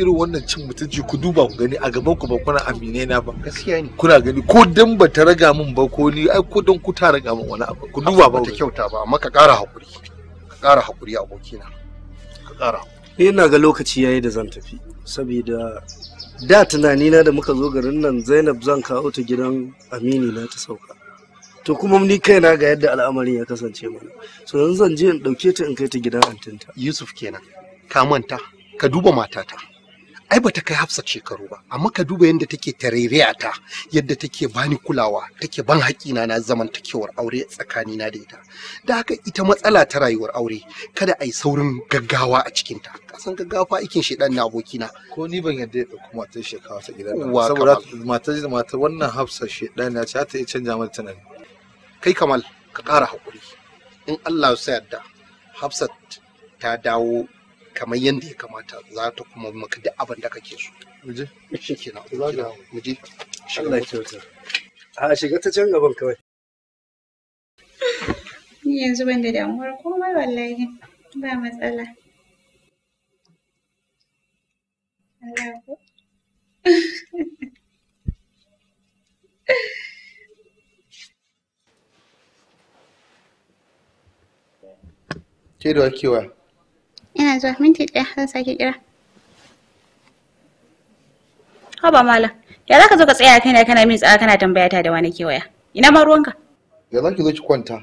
irin wannan cin mutunci ku duba ku gani a gaban ku ba kuna amine na ba gaskiya ne kuna gani ko dan ba ta raga min ba ko ni ai ko dan ku ta raga min wani abu ku duba ba ta kyauta ba amma ka ƙara hakuri ka ƙara hakuri abokina ka ƙara ina ga lokaci yayi da zan tafi saboda da tunani na da muka zo garin nan Zainab zan kawo ta gidan Amini na ta sauka to kuma ni kaina ga yadda al'amarin ya kasance mana so yanzu zan je in dauke ta in kai ta gidan antinta yusuf kenan ka manta ka duba matata ai bata kai hafsat shekaru ba amma ka duba yadda take tareriya ta yadda take bani kulawa take ban haƙina na zaman takewar aure tsakani na da ita da haka ita matsala ta rayuwar aure kada ai saurin gaggawa a cikin ta kasan gaggawa fa ikin shedan na abokina ko ni ban yadda ya kuma matar shekawa ta gidan nan saboda matar matar wannan hafsat shedan ya ce ta yi canja mata tunani kai kamal ka ƙara haƙuri in Allah ya yarda hafsat ta dawo kamar yadda ya kamata za ta kuma maka duk abin da kake so. Muje? Shi kenan. Zaga. Muje. Allah ya kyauta. A shiga ta can gaban kawai. Ni yanzu ban da damuwar komai wallahi ba matsala. Allah ku. Ke da kewa. yana zuwa minti ɗaya zan sake kira haba malam ya za ka zo ka tsaya kaina kana min tsaya kana tambaya ta da wani waya? ina ma ruwanka ya za ki zo ki kwanta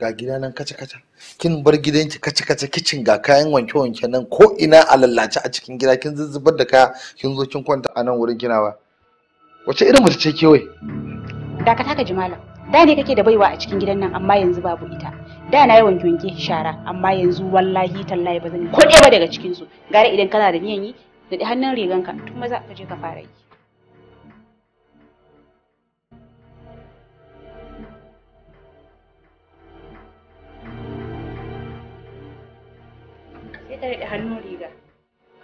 ga gida nan kaca kaca kin bar gidanki kaca kaca kicin ga kayan wanke wanke nan ko ina a lallace a cikin gida kin zuzzubar da kaya kin zo kin kwanta a nan wurin kina ba wace irin mace ce wai? dakata ka ji malam da ne kake da baiwa a cikin gidan nan amma yanzu babu ita da na yi wanke wanke shara amma yanzu wallahi tallahi ba zan yi ko ɗaya ba daga cikin su gara idan kana da niyan yi da hannun riganka tun maza ka je ka fara yi sai ka hannun riga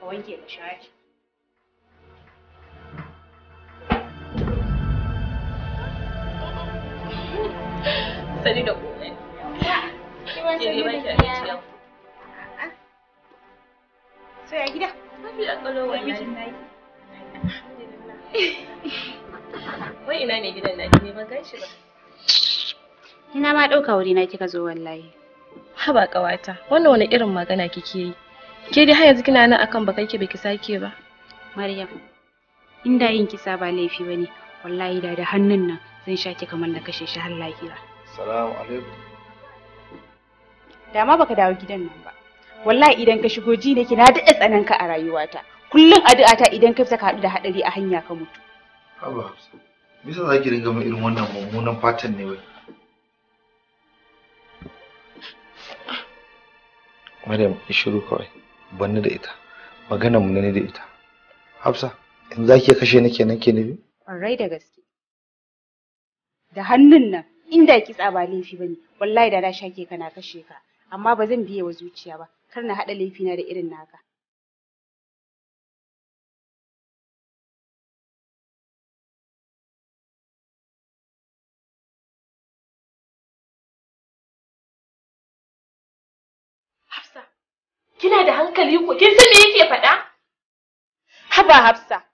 ka wanke ka sani da ku ina ne gidan ma ɗauka wuri na kika zo wallahi. Haba ƙawata, wannan wani irin magana kike yi? Ke dai har yanzu kina nan akan bakan ki baki sake ba. Maryam, inda yin kisa ba laifi bane, wallahi da da hannun nan zan sha ki kamar na kashe shi har lahira. Assalamu alaikum. da ma baka dawo gidan nan ba wallahi idan ka shigo ji nake na daɗa tsananka a rayuwata kullum addu'a ta idan ka fita ka haɗu da haɗari a hanya ka mutu Haba me yasa zaki ringa min irin wannan mummunan fatan ne wai Maryam ki shiru kawai banni da ita magana mu ne da ita Hafsa in zaki kashe ni kenan ke nufi Ƙwarai da gaske da hannun nan inda ki tsaba laifi bane wallahi da na shake kana kashe ka amma ba zan biye wa zuciya ba kar na haɗa laifina da irin naka Hafsa kina da hankali ko kin san me yake faɗa haba Hafsa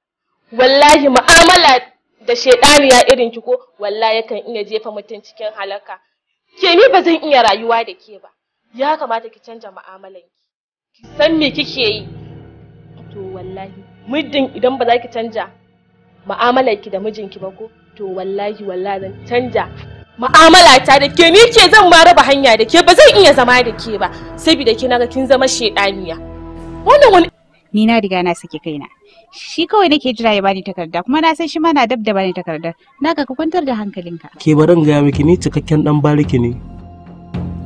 wallahi mu'amala da shedaniya irin ki ko wallahi kan iya jefa mutum cikin halaka ke ni ba zan iya rayuwa da ke ba ya kamata ki canja mu'amalan ki ki san me kike yi to wallahi muddin idan ba za ki canja mu'amalar ki da mijinki ba ko to wallahi wallahi zan canja mu'amala ta da ke ni ke zan ma raba hanya da ke ba zan iya zama da ke ba saboda ke naga kin zama shedaniya wannan wani ni na riga na saki kaina shi kawai nake jira ya bani takarda kuma na san shi ma na dab da bani takardar naka ka kwantar da hankalinka ke barin ga miki ni cikakken dan bariki ne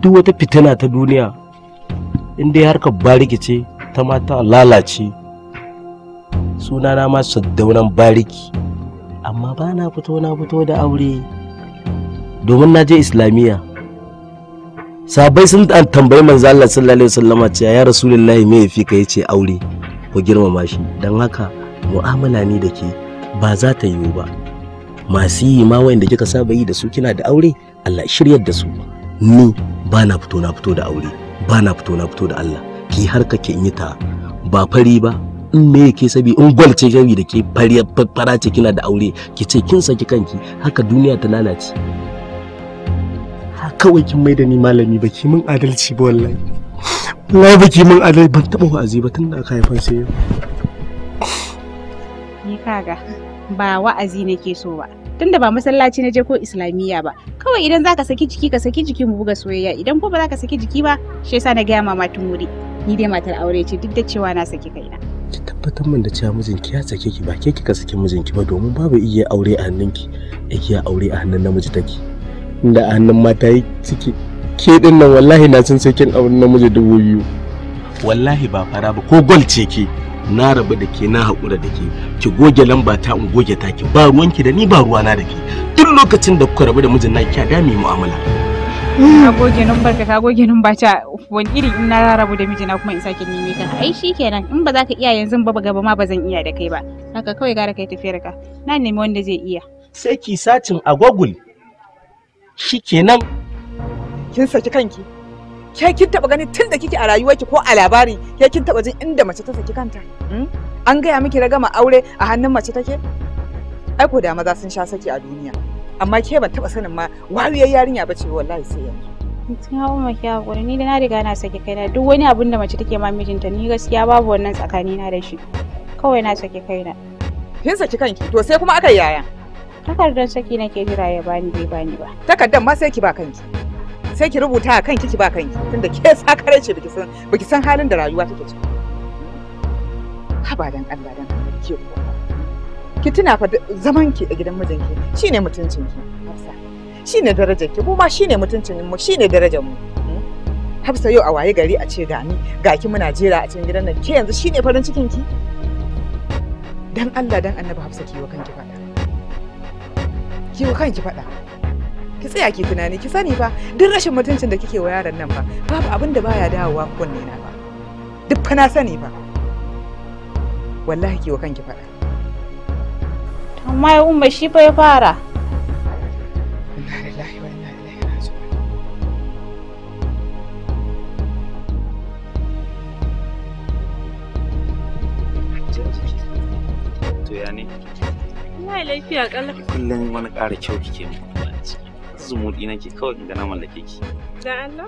duk wata fitina ta duniya in dai ka bariki ce ta mata lalace sunana ma saddaunan bariki amma ba na fito na fito da aure domin na je islamiyya sabai sun tambayi manzo Allah sallallahu alaihi wasallama ce ya rasulullahi me yafi ka yace aure ko girmama shi dan haka mu'amala ne da ke ba za ta yiwu ba masu yi ma wayanda kika saba yi da su kina da aure Allah shiryar da su ni ba na fito na fito da aure ba na fito na fito da Allah ki har kake in yi ta ba fari ba in me yake sabi in gwal ce da ke fara ce kina da aure ki ce kin saki kanki haka duniya ta lalace kawai kin mai da ni malami ba ki min adalci ba wallahi wallahi ba ki min adalci ban taɓa wa'azi ba tun da aka haifan sai yau ni kaga ba wa'azi nake so ba tunda ba masallaci na je ko islamiyya ba kawai idan zaka saki jiki ka saki jiki mu buga soyayya idan ko ba zaka saki jiki ba shi yasa na gaya mama tun wuri ni dai matar aure ce duk da cewa na saki kaina ki tabbatar min da cewa mijinki ya sake ki ba ke kika saki mijinki ba domin babu iya aure a hannun ki iya aure a hannun namiji take inda a hannun mata yi ciki ke din nan wallahi na san sakin aure namiji dubu biyu wallahi ba fara ba ko gol ce ke na rabu da ke na haƙura da ke ki goge lamba ta in goge ta ki ba ruwanki da ni ba ruwana da ke duk lokacin da kuka rabu da mijin na a dami mu'amala ka goge numbar ka ka goge numba ta wani irin in na rabu da mijina kuma in sake nemi ka ai shikenan in ba za ka iya yanzu ba gaba ma ba zan iya da kai ba haka kawai gara kai tafiyar ka na nemi wanda zai iya sai ki satin a google shikenan kin saki kanki ke kin taba ganin tun da kike a rayuwarki ko a labari ke kin taba jin inda mace ta saki kanta hmm? an gaya miki ragama aure a hannun mace take ai ko da maza sun sha saki a duniya amma ke ban taba sanin ma wariyar yarinya bace wallahi sai yanzu tun hawo ki hakuri ni da na riga na saki kaina duk wani abin da mace take ma mijinta ni gaskiya babu wannan tsakani na da shi kawai na saki kaina kin saki kanki to sai kuma aka yaya takardar saki nake jira ya bani bai bani ba takardar ma sai ki ba kanki sai ki rubuta a kanki ki ba kanki tunda ke sakare ce baki san baki san halin da rayuwa take ciki haba dan Allah dan ki ki tuna fa zaman ki a gidan mijinki shine mutuncin ki Hafsa shine darajar ki kuma shine mutuncin mu shine darajar mu hmm? Hafsa yau a waye gari a ce ga ni ga ki muna jera a cikin gidan nan ke yanzu shine farin cikin ki dan Allah dan Annabi Hafsa ki wa kanki fada ki wa kanki fada ki tsaya ki tunani ki sani fa duk rashin mutuncin da kike wa yaron nan fa babu abin da baya dawowa kunne na ba duk fa na sani ba wallahi ki wa kanki faɗa amma ya umma shi fa ya fara Ina lafiya Kullum wani ƙara kyau kike mu. zumuɗi nake kawai ga na mallake ki da Allah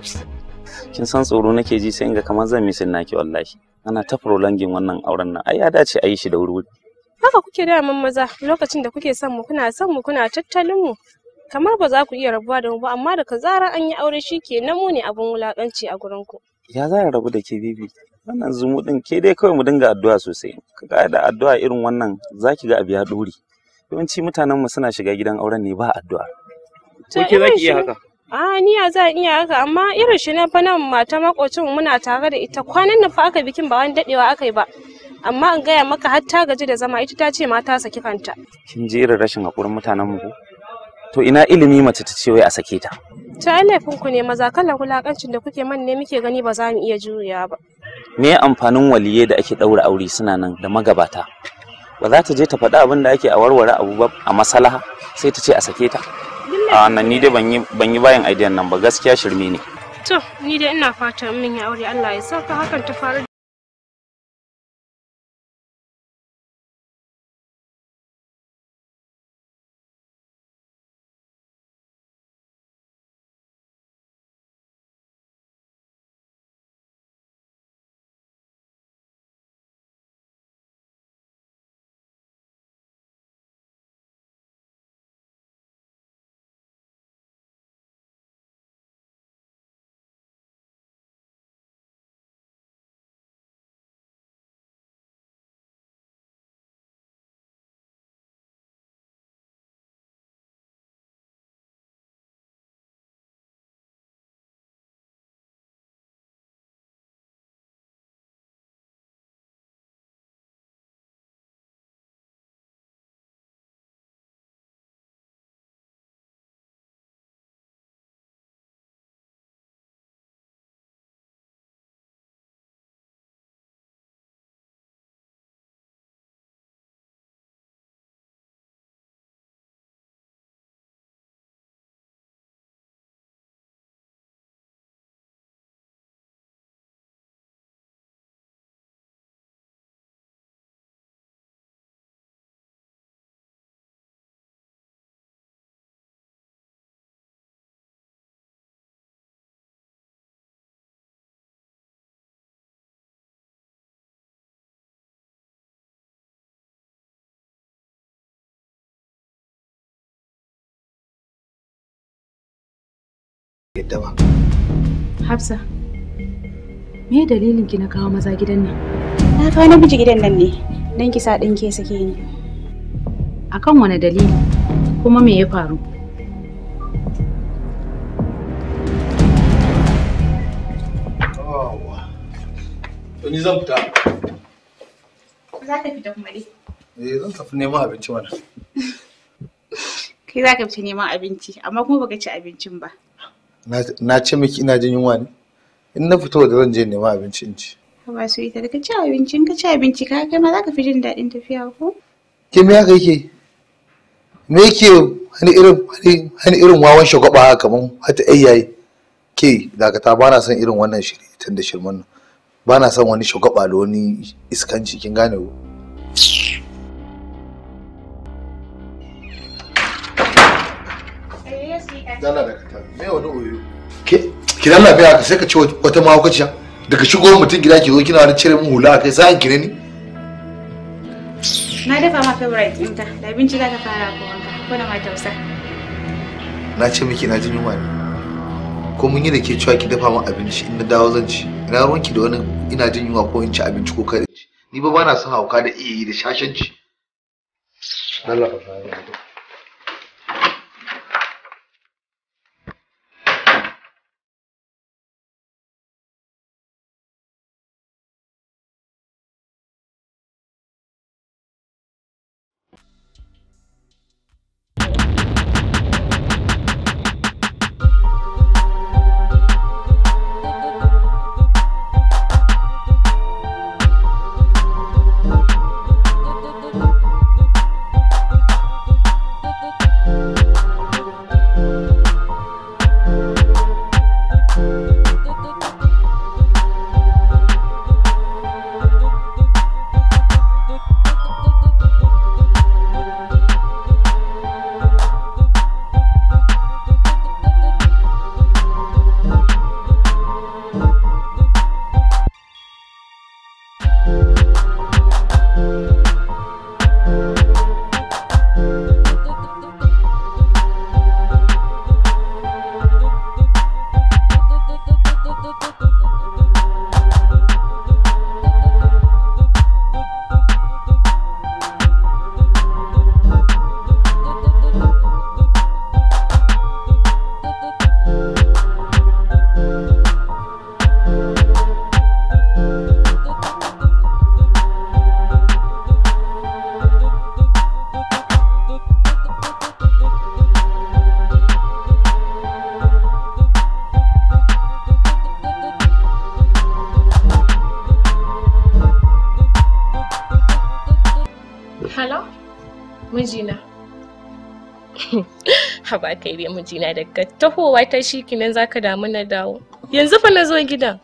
kin san tsoro nake ji sai in ga kamar zan misin naki wallahi ana ta prolonging wannan auren nan ai ya dace a yi shi da wuri haka kuke da mun maza lokacin da kuke son mu kuna son mu kuna tattalin mu kamar ba za ku iya rabuwa da mu ba amma daga zarar an yi aure shi shikenan mu ne abun wulakanci a gurin ku ya za rabu da ke bibi wannan zumuɗin ke dai kawai mu dinga addu'a sosai kaga da addu'a irin wannan zaki ga abu ya yawanci mutanen mu suna shiga gidan auren ne ba addu'a ko ke iya haka a ni za iya haka amma irin shi na fa mata makocin muna tare da ita kwanan nan fa aka bikin ba wani dadewa aka yi ba amma in gaya maka har ta gaji da zama ita ta ce mata ta saki kanta kin ji irin rashin hakurin mutanen mu to ina ilimi mace ta ce wai a sake ta ta laifin ku ne maza kala wulakancin da kuke man ne muke gani ba za mu iya juya ba me amfanin waliye da ake daura aure suna nan da magabata ba za ta je ta faɗi abin da ake a warware abu ba a masalaha sai ta ce a sake ta a wannan ni dai ban yi bayan idea nan ba gaskiya shirme ne to ni dai ina fatan min ya aure Allah ya saka hakan ta faru yadda ba. Hafsa, me dalilin ki na kawo maza gidan nan? Na kawo namiji gidan nan ne, don ki sa ɗin ke sake ni. Akan wani dalili, kuma me ya faru? Ni zan fita. Za ka fita kuma dai. Eh zan tafi neman abinci mana. Kai za ka fita neman abinci, amma kuma baka ci abincin ba. na ce miki ina jin yunwa ne in na fito da zan je nema abinci in ci ba su ita daga ci abinci ka ci abinci ka kai ma za ka fi jin daɗin tafiya ko ke me haka yake me yake hani irin hani irin wawan shagwaba haka kamar hata ayyaye ke dakata ba na son irin wannan shiri tun da shirman ba na son wani shagwaba da wani iskanci kin gane ko Ki da katar ka sai ka ce wata mahaukaciya daga shigo mutum gida ki zo kina wani cire mun hula kai sai ki ne ni na dafa ma favorite ta, da abinci za ka fara ko wanka ko na ma tausa na ce miki na jin yunwa ne ko mun yi da ke cewa ki dafa min abinci in na dawo zan ci ina ruwanki da wani ina jin yunwa ko in ci abinci ko kare ci ni ba bana son hauka da iya yi da shashanci Allah ka fara ɗebe mijina daga tahowa ta shi kinan zaka damu na dawo yanzu fa na zo gidan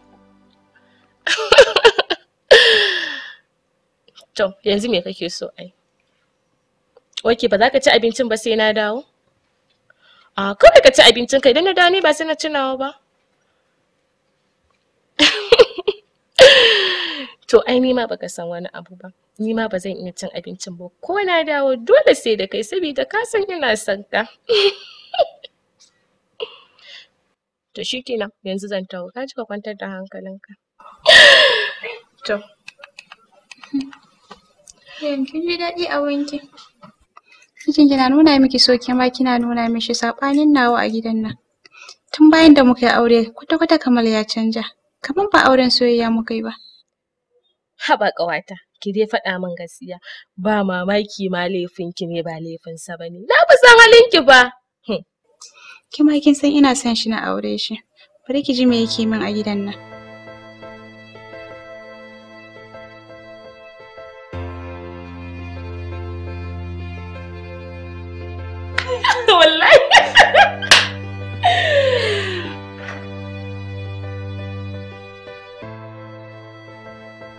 to yanzu me kake so ai ok ba za ka ci abincin ba sai na dawo a kawai ka ci abincin ka idan na dawo ne ba sai na cinawa ba to ai nima baka san wani abu ba ni ba zan iya cin abincin ba ko na dawo dole sai da kai saboda ka san ina son ka to shikenan yanzu zan tawo ka cika kwantar da hankalinka to kin ji daɗi a wanki cikin kina nuna miki so ke ma kina nuna mishi saɓanin nawa a gidan nan tun bayan da muka yi aure kwata-kwata kamar ya canja kamar ba auren soyayya muka yi ba haba ƙawata ki dai faɗa min gaskiya ba mamaki ma laifin ki ne ba laifin sa bane na fi san halin ki ba hm. Ki ma kin san ina son shi na aure shi. Bari ki ji me yake min a gidan nan.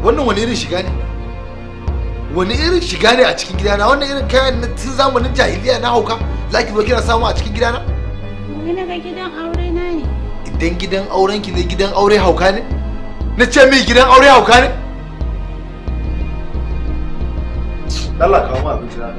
Wannan wani irin shiga ne? wani irin shiga ne a cikin gidana wannan irin kayan na tun zamanin jahiliya na hauka za ki zo kina samu a cikin gidana? Wani ga gidan aure na ne. Idan gidan auren ki ne gidan aure hauka ne? Na ce mai gidan aure hauka ne? Allah kawo ma abinci na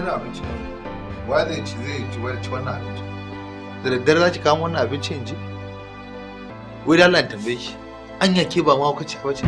irin abinci ne wa zai ci zai ci wani ci wannan abinci da daddare za ki kama wannan abinci in ji wai da tambaye shi anya ke ba ma hukaci ba ce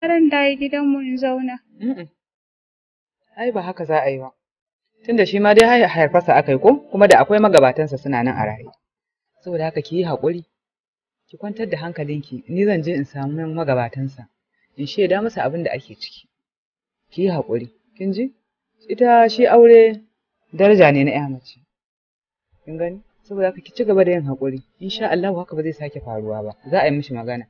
Karan da yi gidanmu in zauna. Ai ba haka za a yi ba. Tunda shi ma dai haifarsa aka yi ko kuma da akwai magabatansa suna nan a raye. Saboda haka ki yi haƙuri. Ki kwantar da hankalinki, ni zan je in samu magabatansa. In shaida masa abin da ake ciki. Ki yi haƙuri, kin ji? Ita shi aure daraja ne na ƴa mace. Kin gani? Saboda haka ki ci gaba da yin haƙuri. Insha Allah haka ba zai sake faruwa ba. Za a yi mishi magana.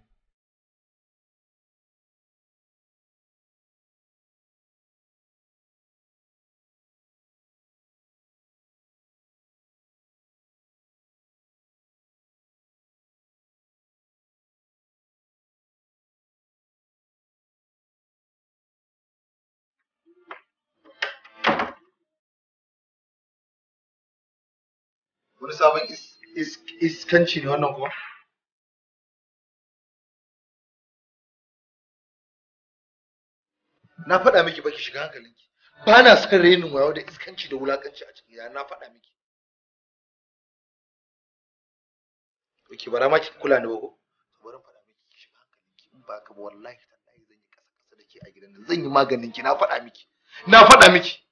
wani sabon iskanci ne wannan kuma na faɗa miki baki shiga hankalinki ba na son renin wayo da iskanci da wulakanci a cikin gida na faɗa miki ki bara ma ki kula ni ko Wani faɗa miki ki shiga hankalinki in ba ka ba wallahi tallahi zan yi kasa da ke a gidan nan zan yi maganin ki na faɗa miki na faɗa miki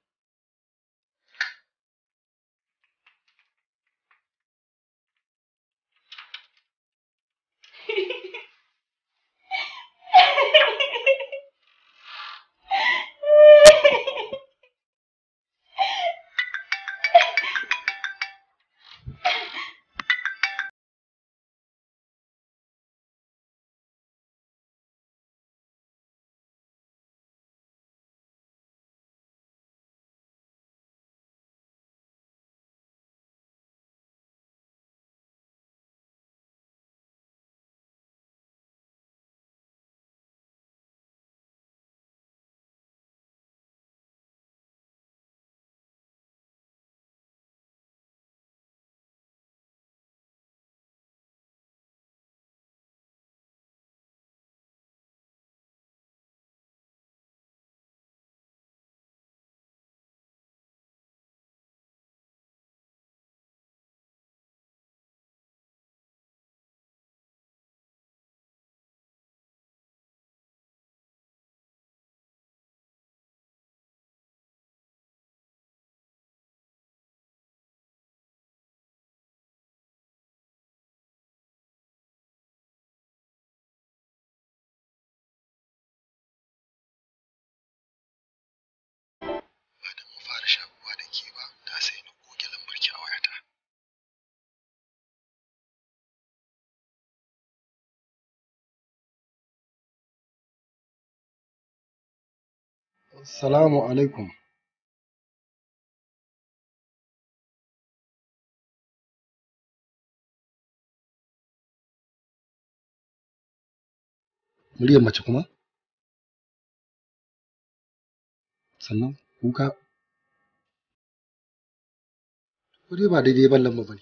da ke da sai na goge lambar a Salamu alaikum. Muryar mace kuma? Sannan kuka kuri ba daidai ba lamba bane.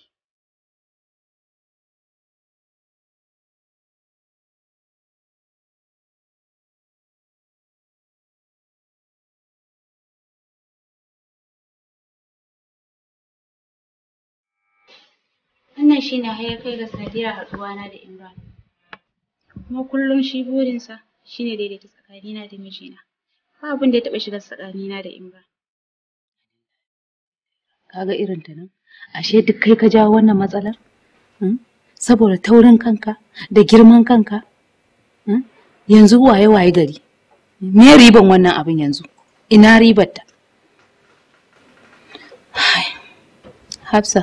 Wannan shi ne har ya kai ga sanadiyyar haɗuwana da Imran. Kuma kullum shi burinsa shi ne daidaita tsakanina da mijina. Ba abin da ya taɓa shiga tsakanina da Imran. kaga irin ta nan ashe duk kai ka jawo wannan matsalar hmm? saboda taurin kanka da girman kanka hmm? yanzu waye waye gari me riban wannan abin yanzu ina ribar ta Hafsa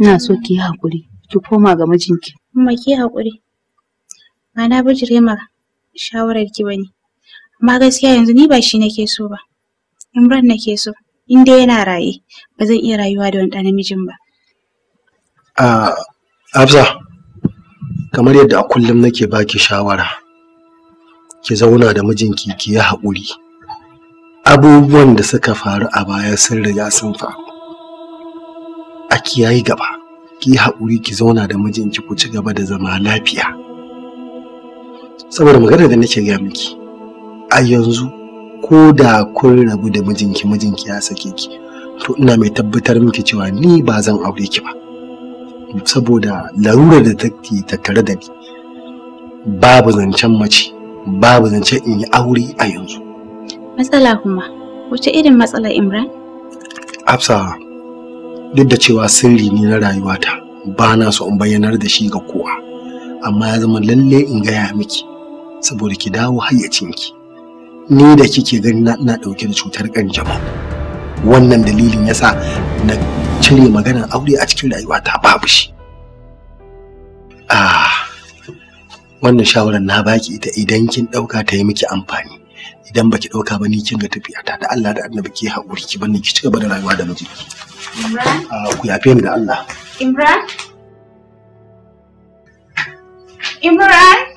ina so ki yi hakuri ki koma ga mijinki amma ki hakuri ba na bijire ma shawarar ki bane amma gaskiya yanzu ni ba shi nake so ba Imran nake so in dai yana raye ba zan iya rayuwa da wani ɗa namijin ba a Hafsa kamar yadda a kullum nake baki shawara ki zauna da mijinki ki yi haƙuri abubuwan da suka faru a baya sun riga sun faru a kiyayi gaba ki haƙuri ki zauna da mijinki ku ci gaba da zama lafiya saboda maganar da nake gaya miki a yanzu ko da kun rabu da mijinki mijinki ya sake ki to ina mai tabbatar miki cewa ni ba zan aure ki ba saboda larurar da take tattare da ni babu zancen mace babu zancen in yi aure a yanzu matsala kuma wace irin matsala imran hafsa duk da cewa sirri ne na rayuwata ba na so in bayyanar da shi ga kowa amma ya zama lalle in gaya miki saboda ki dawo hayyacinki ni da kike gani na ina dauke da cutar kanjama wannan dalilin yasa na cire maganar aure a cikin rayuwa ta babu shi ah wannan shawarar na baki ita idan kin dauka ta yi miki amfani idan baki dauka ba ni kin ga tafiya ta da Allah da Annabi ki hakuri ki bani ki cigaba da rayuwa da miji Imran ah, ku yafe ni da Allah Imran Imran